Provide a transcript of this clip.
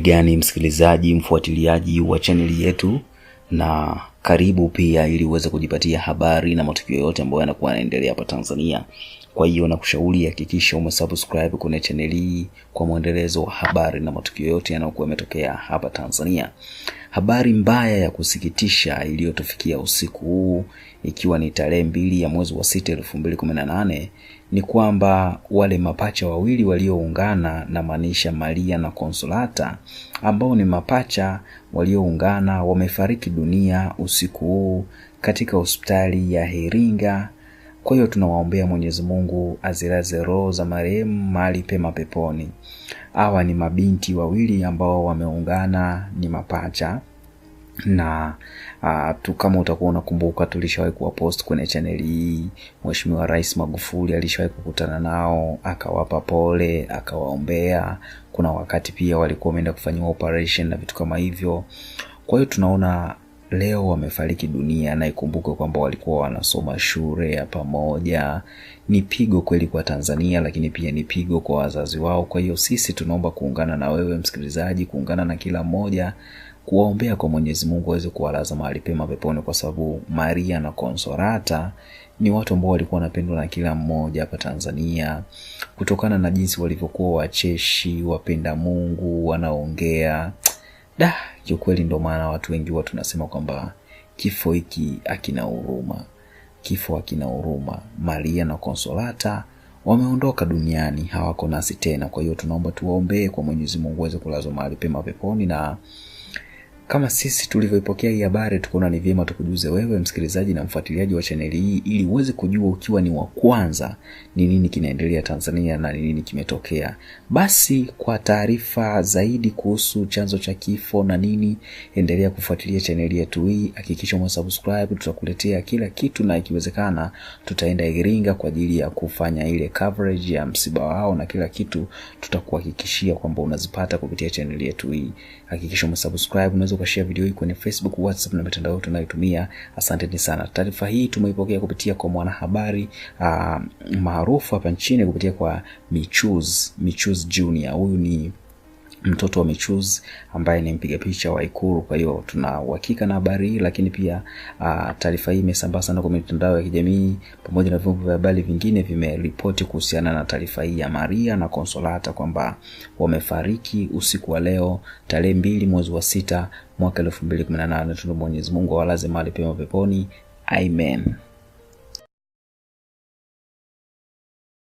gani msikilizaji, mfuatiliaji wa chaneli yetu, na karibu pia, ili uweze kujipatia habari na matukio yote ambayo yanakuwa yanaendelea hapa Tanzania. Kwa hiyo nakushauri hakikisha umesubscribe kwenye channel hii kwa mwendelezo wa habari na matukio yote yanayokuwa yametokea hapa Tanzania. Habari mbaya ya kusikitisha iliyotufikia usiku huu ikiwa ni tarehe mbili ya mwezi wa sita elfu mbili kumi na nane ni kwamba wale mapacha wawili walioungana na maanisha Maria na Consolata ambao ni mapacha walioungana wamefariki dunia usiku usiku huu katika hospitali ya Iringa. Kwa hiyo tunawaombea Mwenyezi Mungu azilaze roho za marehemu mahali pema peponi. Hawa ni mabinti wawili ambao wameungana, ni mapacha na uh, tu kama utakuwa unakumbuka tulishawahi post kwenye chaneli hii. Mheshimiwa Rais Magufuli alishawahi kukutana nao akawapa pole, akawaombea. Kuna wakati pia walikuwa wameenda kufanyiwa operation na vitu kama hivyo. Kwa hiyo tunaona leo wamefariki dunia, na ikumbuke kwamba walikuwa wanasoma shule ya pamoja. Ni pigo kweli kwa Tanzania, lakini pia ni pigo kwa wazazi wao. Kwa hiyo sisi tunaomba kuungana na wewe msikilizaji, kuungana na kila mmoja kuwaombea kwa Mwenyezi Mungu aweze kuwalaza mahali pema peponi, kwa sababu Maria na konsorata ni watu ambao walikuwa wanapendwa na kila mmoja hapa Tanzania kutokana na jinsi walivyokuwa wacheshi, wapenda Mungu, wanaongea Da, kiukweli ndo maana watu wengi huwa tunasema kwamba kifo hiki akina huruma, kifo akina huruma. Maria na Konsolata wameondoka duniani, hawako nasi tena. Kwa hiyo tunaomba tuwaombee kwa Mwenyezi Mungu waweze kulazwa mahali pema peponi na kama sisi tulivyoipokea hii habari, tukaona ni vyema tukujuze wewe msikilizaji na mfuatiliaji wa chaneli hii, ili uweze kujua ukiwa ni wa kwanza ni nini kinaendelea Tanzania na ni nini kimetokea. Basi kwa taarifa zaidi kuhusu chanzo cha kifo na nini, endelea kufuatilia chaneli yetu hii, hakikisha umesubscribe Tutakuletea kila kitu, na ikiwezekana tutaenda Iringa kwa ajili ya kufanya ile coverage ya msiba wao na kila kitu, tutakuhakikishia kwamba unazipata kupitia chaneli yetu hii. Hakikisha umesubscribe unaweza ukashea video hii kwenye Facebook, WhatsApp na mitandao yote tunayotumia. Asanteni sana. Taarifa hii tumeipokea kupitia kwa mwanahabari uh, maarufu hapa nchini kupitia kwa Michuzi Michuzi Junior. Huyu ni mtoto wa Michuzi ambaye ni mpiga picha wa Ikulu. Kwa hiyo tuna uhakika na habari hii, lakini pia ah, taarifa hii imesambaa sana kwa mitandao ya kijamii pamoja na vyombo vya habari vingine vimeripoti kuhusiana na taarifa hii ya Maria na Konsolata kwamba wamefariki usiku wa leo tarehe mbili mwezi wa sita mwaka elfu mbili kumi na nane. Tuna Mwenyezi Mungu awalaze mahali pema peponi. Amen.